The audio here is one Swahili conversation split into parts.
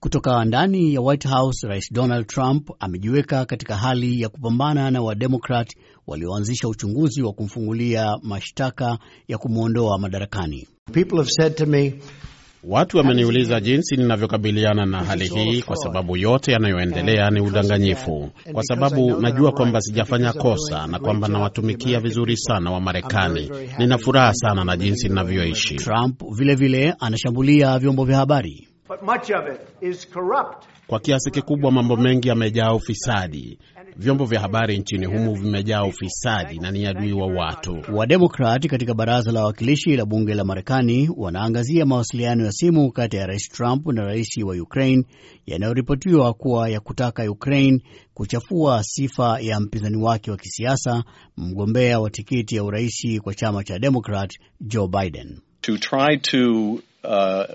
Kutoka ndani ya White House, Rais Donald Trump amejiweka katika hali ya kupambana na Wademokrat walioanzisha uchunguzi wa kumfungulia mashtaka ya kumwondoa madarakani. watu wameniuliza jinsi ninavyokabiliana na hali hii, kwa sababu yote yanayoendelea ni udanganyifu, kwa sababu najua kwamba sijafanya kosa na kwamba nawatumikia vizuri sana Wamarekani. Nina furaha sana na jinsi ninavyoishi. Trump vilevile anashambulia vyombo vya habari kwa kiasi kikubwa mambo mengi yamejaa ufisadi. Vyombo vya habari nchini humu vimejaa ufisadi na ni adui wa watu. Wademokrati katika baraza la wawakilishi la bunge la Marekani wanaangazia mawasiliano ya simu kati ya rais Trump na rais wa Ukraine yanayoripotiwa kuwa ya kutaka Ukraine kuchafua sifa ya mpinzani wake wa kisiasa, mgombea wa tikiti ya uraisi kwa chama cha Demokrat Joe Biden. To try to Uh,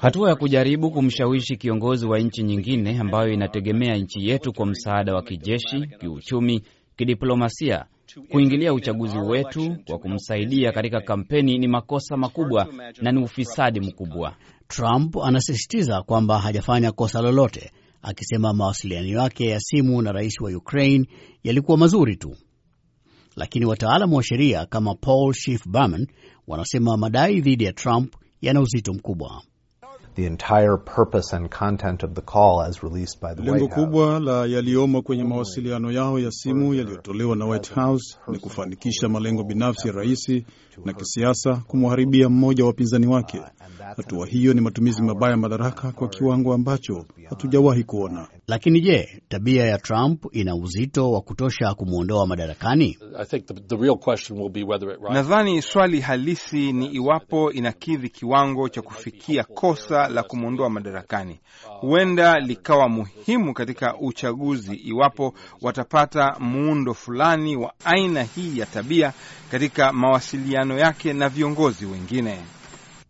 hatua ya kujaribu kumshawishi kiongozi wa nchi nyingine ambayo inategemea nchi yetu kwa msaada wa kijeshi, kiuchumi, kidiplomasia kuingilia uchaguzi wetu kwa kumsaidia katika kampeni ni makosa makubwa na ni ufisadi mkubwa. Trump anasisitiza kwamba hajafanya kosa lolote, akisema mawasiliano yake ya simu na rais wa Ukraine yalikuwa mazuri tu. Lakini wataalamu wa sheria kama Paul Schiff Berman wanasema madai dhidi ya Trump yana uzito mkubwa. Lengo kubwa la yaliyomo kwenye mawasiliano yao ya simu yaliyotolewa na White House ni kufanikisha malengo binafsi ya rais na kisiasa, kumharibia mmoja wa wapinzani wake. Hatua hiyo ni matumizi mabaya madaraka kwa kiwango ambacho hatujawahi kuona. Lakini je, tabia ya Trump ina uzito wa kutosha kumwondoa madarakani? Nadhani swali halisi ni iwapo inakidhi kiwango cha kufikia kosa la kumwondoa madarakani. Huenda likawa muhimu katika uchaguzi iwapo watapata muundo fulani wa aina hii ya tabia katika mawasiliano yake na viongozi wengine.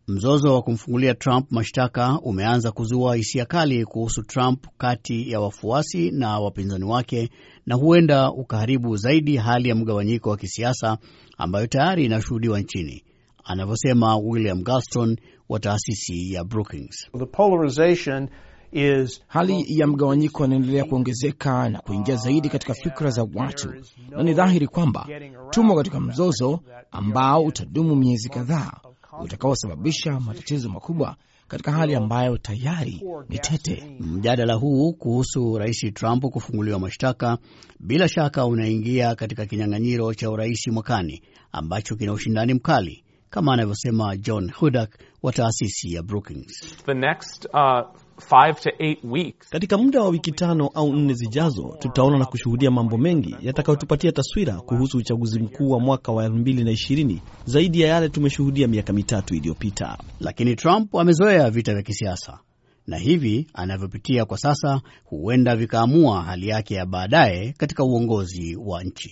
Mzozo wa kumfungulia Trump mashtaka umeanza kuzua hisia kali kuhusu Trump kati ya wafuasi na wapinzani wake na huenda ukaharibu zaidi hali ya mgawanyiko wa kisiasa ambayo tayari inashuhudiwa nchini, anavyosema William Galston wa taasisi ya Brookings. The polarization is... hali ya mgawanyiko anaendelea kuongezeka na kuingia zaidi katika fikra za watu, na ni dhahiri kwamba tumo katika mzozo ambao utadumu miezi kadhaa utakaosababisha matatizo makubwa katika hali ambayo tayari ni tete. Mjadala huu kuhusu Rais Trump kufunguliwa mashtaka bila shaka unaingia katika kinyang'anyiro cha urais mwakani ambacho kina ushindani mkali kama anavyosema John Hudak wa taasisi ya Brookings. The next, uh... Five to eight weeks. Katika muda wa wiki tano au nne zijazo tutaona na kushuhudia mambo mengi yatakayotupatia taswira kuhusu uchaguzi mkuu wa mwaka wa 2020 zaidi ya yale tumeshuhudia miaka mitatu iliyopita. Lakini Trump amezoea vita vya kisiasa na hivi anavyopitia kwa sasa huenda vikaamua hali yake ya baadaye katika uongozi wa nchi.